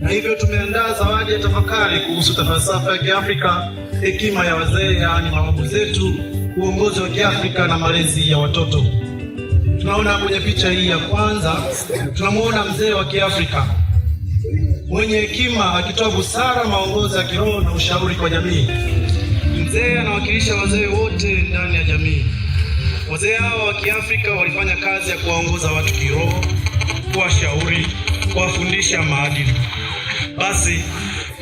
na hivyo tumeandaa zawadi ya tafakari kuhusu falsafa ya Kiafrika, hekima ya wazee, yaani mababu zetu, uongozi wa Kiafrika na malezi ya watoto. Tunaona kwenye picha hii ya kwanza, tunamwona mzee wa Kiafrika mwenye hekima akitoa busara, maongozo ya kiroho na ushauri kwa jamii. Mzee anawakilisha wazee wote ndani ya jamii. Wazee hawa wa Kiafrika walifanya kazi ya kuwaongoza watu kiroho, kuwashauri kuwafundisha maadili. Basi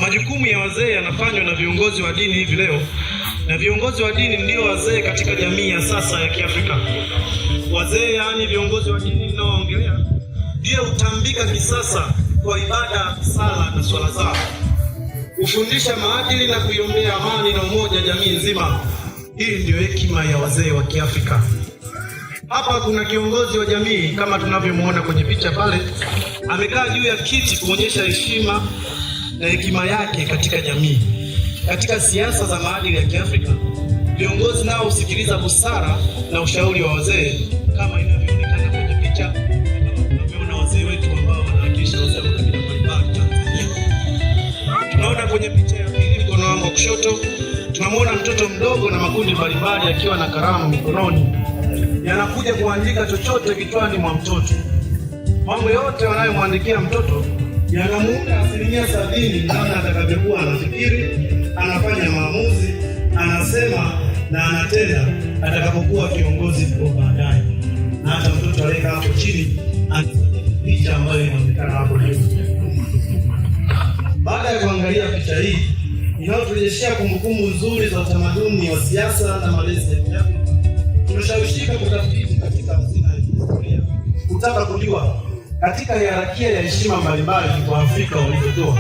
majukumu ya wazee yanafanywa na viongozi wa dini hivi leo, na viongozi wa dini ndio wazee katika jamii ya sasa ya Kiafrika. Wazee yaani viongozi wa dini ninaoongelea, ndio hutambika kisasa kwa ibada, sala na swala zao, hufundisha maadili na kuiombea amani na umoja jamii nzima. Hii ndio hekima ya wazee wa Kiafrika. Hapa kuna kiongozi wa jamii kama tunavyomuona kwenye picha pale, amekaa juu ya kiti kuonyesha heshima na hekima yake katika jamii. Katika siasa za maadili ya Kiafrika, viongozi nao husikiliza busara na ushauri wa wazee, kama inavyoonekana kwenye picha. Tunaona wazee wetu ambao wanawakilisha wazee wa kabila mbalimbali Tanzania. Tunaona kwenye picha ya pili, mkono wangu wa kushoto, tunamwona mtoto mdogo na makundi mbalimbali akiwa na kalamu mikononi yanakuja kuandika chochote kichwani mwa mtoto. Mambo yote wanayomwandikia mtoto yanamuunda asilimia sabini namna atakavyokuwa anafikiri, anafanya maamuzi, anasema na anatenda atakapokuwa kiongozi mko baadaye. Na hata mtoto aliyekaa hapo chini picha ambayo inaonekana hapo leo. Baada ya kuangalia picha hii inayoturejeshea kumbukumbu nzuri za utamaduni wa siasa na malezi ya tunashawishika kutafiti katika hazina ya historia kutaka kujua katika hierarkia ya heshima mbalimbali kwa Afrika walivyotoa.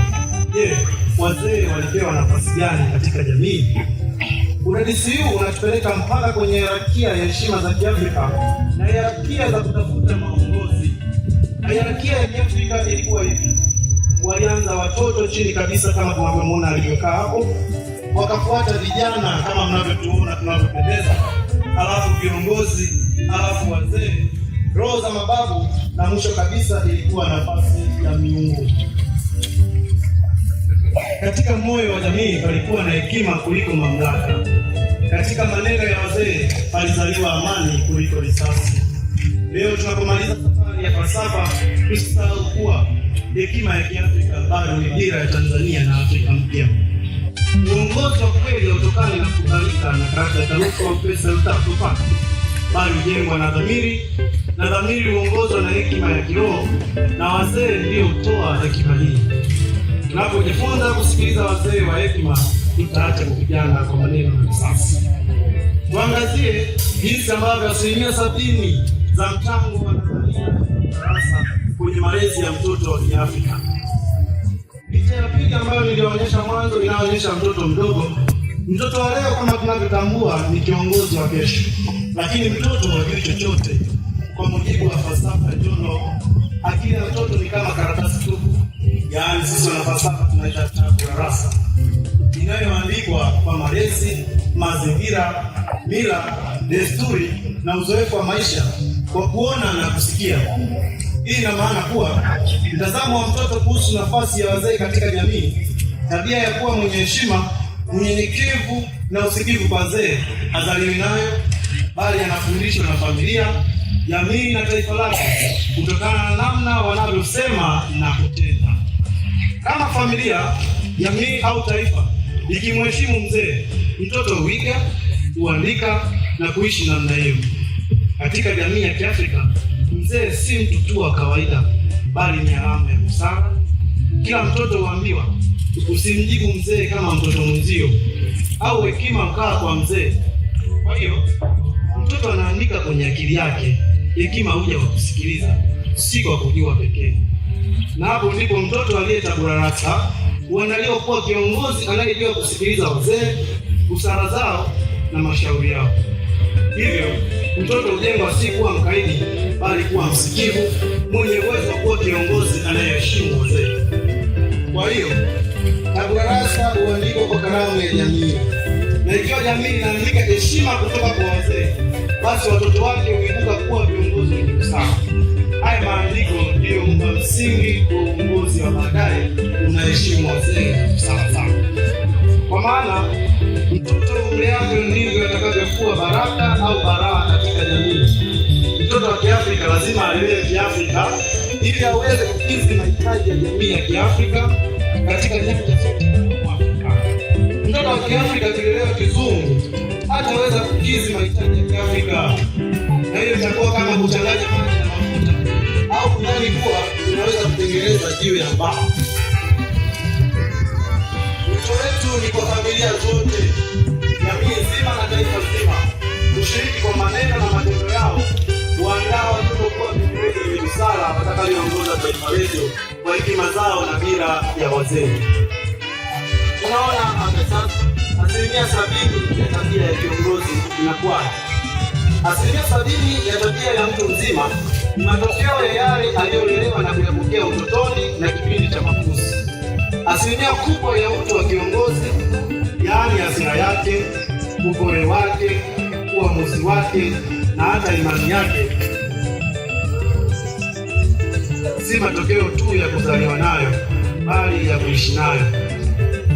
Je, wazee walipewa nafasi gani katika jamii? huu unatupeleka mpaka kwenye hierarkia ya heshima za Kiafrika na hierarkia za kutafuta maongozi. Hierarkia ya Kiafrika ilikuwa hivi: walianza watoto chini kabisa, kama tunavyomwona alivyokaa hapo, wakafuata vijana kama mnavyotuona tunavyopendeza alafu viongozi, alafu wazee, roho za mababu, na mwisho kabisa ilikuwa nafasi ya miungu. Katika moyo wa jamii palikuwa na hekima kuliko mamlaka. Katika maneno ya wazee palizaliwa amani kuliko risasi. Leo tunapomaliza safari ya falsafa, tusisahau kuwa hekima ya Kiafrika bado ni dira ya Tanzania na Afrika mpya. Uongozi wa kweli utokana na kukubalika na karata ya pesa utakupata, bali ujengwa na dhamiri, na dhamiri huongozwa na hekima ya kiroho, na wazee ndio hutoa hekima hii. Tunapojifunza kusikiliza wazee wa hekima, tutaacha kupigana kwa maneno ya kisasa. Tuangazie jinsi ambavyo asilimia sabini za mchango wa Tanzania TARUSA kwenye malezi ya mtoto wa Kiafrika ya ambayo nilionyesha mwanzo inaonyesha mtoto mdogo. Mtoto wa leo kama tunavyotambua ni kiongozi wa kesho, lakini mtoto hajui chochote. Kwa mujibu wa falsafa Juno, akili ya mtoto ni kama karatasi tupu, yaani sisi wana falsafa tunaita kurasa inayoandikwa kwa malezi, mazingira, mila, desturi na uzoefu wa maisha, kwa kuona na kusikia. Hii ina maana kuwa mtazamo wa mtoto kuhusu nafasi ya wazee katika jamii, tabia ya kuwa mwenye heshima, unyenyekevu na usikivu kwa wazee hazaliwi nayo, bali anafundishwa na familia, jamii na taifa lake kutokana na namna wanavyosema na kutenda. Kama familia, jamii au taifa ikimheshimu mzee, mtoto huiga, huandika na kuishi namna hiyo. Katika jamii ya Kiafrika mzee si mtu tu wa kawaida, bali ni alama ya busara. Kila mtoto huambiwa usimjibu mzee kama mtoto mwenzio, au hekima ukaa kwa mzee. Kwa hiyo mtoto anaandika kwenye akili yake hekima huja kwa kusikiliza, si kwa kujua pekee, na hapo ndipo mtoto rasa huandaliwa kuwa kiongozi anayejua kusikiliza wazee, busara zao na mashauri yao. Hivyo mtoto hujengwa si kuwa mkaidi bali kuwa msikivu, mwenye uwezo wa kuwa kiongozi anayeheshimu wazee. Kwa hiyo Nabukadneza huandikwa kwa kalamu ya jamii, na ikiwa jamii inaandika heshima kutoka kwa wazee, basi watoto wake huibuka kuwa viongozi wenye sana Haya maandiko ndiyo msingi wa uongozi wa baadaye unaheshimu wazee sana sana, kwa maana mtoto umleavyo ndivyo atakavyokuwa baraka au baraa katika jamii lazima alelewe Kiafrika ili aweze kukidhi mahitaji ya jamii ya Kiafrika katika nyanja zote. Mtoto wa Kiafrika akilelewa kizungu hataweza kukidhi mahitaji ya Kiafrika, na hiyo itakuwa kama kuchanganya maji na mafuta au kudhani kuwa unaweza kutengeneza jiwe ya mbao. Wito wetu ni kwa familia zote, jamii nzima na taifa zima kushiriki kwa maneno na matendo yao kuandaa watotokuwa viongozi wenye busara watakayoongoza taifa letu kwa hekima zao na mila ya wazee. Tunaona asilimia sabini ya tabia ya kiongozi inakuwa asilimia sabini ya tabia ya mtu mzima ni matokeo ya yale aliyolelewa na kuyapokea utotoni na kipindi cha makuzi. Asilimia kubwa ya mtu wa kiongozi, yaani hasira yake, upole wake, uamuzi wake na hata imani yake si matokeo tu ya kuzaliwa nayo, bali ya kuishi nayo,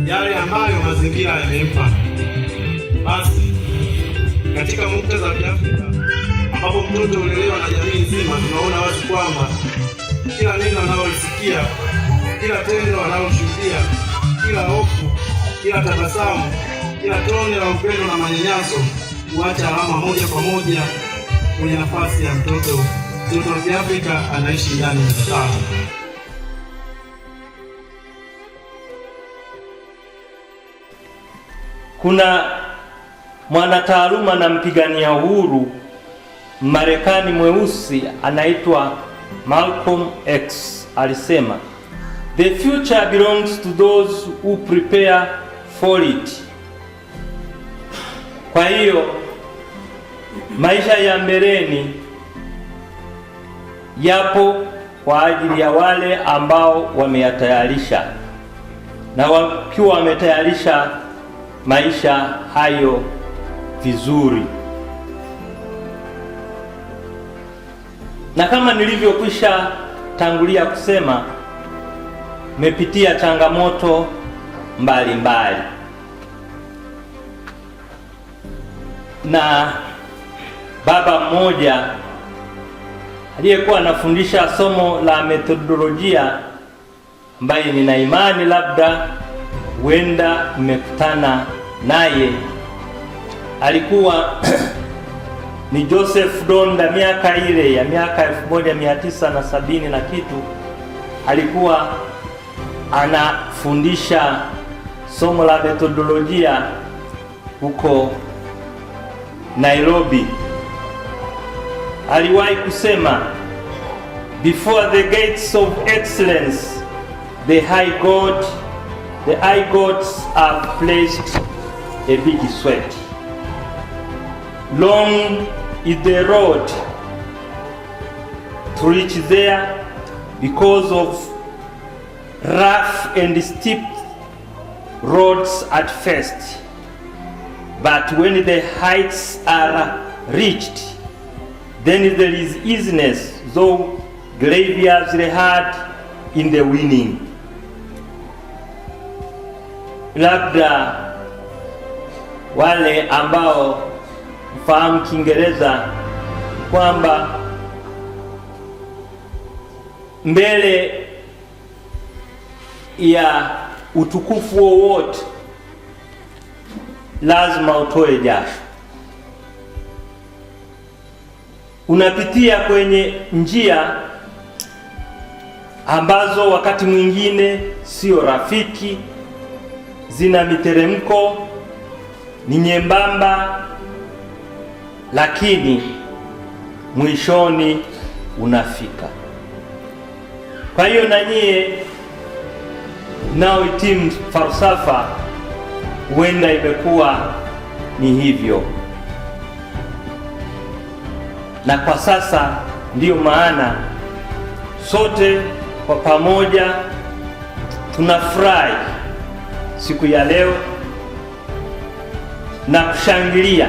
yale ambayo mazingira yamempa. Basi katika muktadha wa Kiafrika ambapo mtoto ulelewa na jamii nzima, tunaona wazi kwamba kila neno analolisikia, kila tendo analoshuhudia, kila hofu, kila tabasamu, kila tone la upendo na manyanyaso huacha alama moja kwa moja kwenye nafasi ya mtoto mtoto wa Kiafrika anaishi ndani ya mtaa. Kuna mwanataaluma na mpigania uhuru Marekani mweusi anaitwa Malcolm X alisema, The future belongs to those who prepare for it. Kwa hiyo maisha ya mbeleni yapo kwa ajili ya wale ambao wameyatayarisha na wakiwa wametayarisha maisha hayo vizuri. Na kama nilivyokwisha tangulia kusema, mepitia changamoto mbalimbali mbali. Na baba mmoja aliyekuwa anafundisha somo la metodolojia ambaye nina imani labda huenda mmekutana naye, alikuwa ni Joseph Donda. Miaka ile ya miaka elfu moja mia tisa na sabini na kitu alikuwa anafundisha somo la metodolojia huko Nairobi aliwahi kusema before the gates of excellence the high god the high gods are placed a big sweat long is the road to reach there because of rough and steep roads at first, but when the heights are reached, then there is easiness, though grievously hard in the winning. Labda wale ambao mfahamu Kiingereza kwamba mbele ya utukufu wowote lazima utoe jasho. unapitia kwenye njia ambazo wakati mwingine sio rafiki, zina miteremko, ni nyembamba, lakini mwishoni unafika. Kwa hiyo na nyie itimu falsafa, huenda imekuwa ni hivyo na kwa sasa ndiyo maana sote kwa pamoja tunafurahi siku ya leo na kushangilia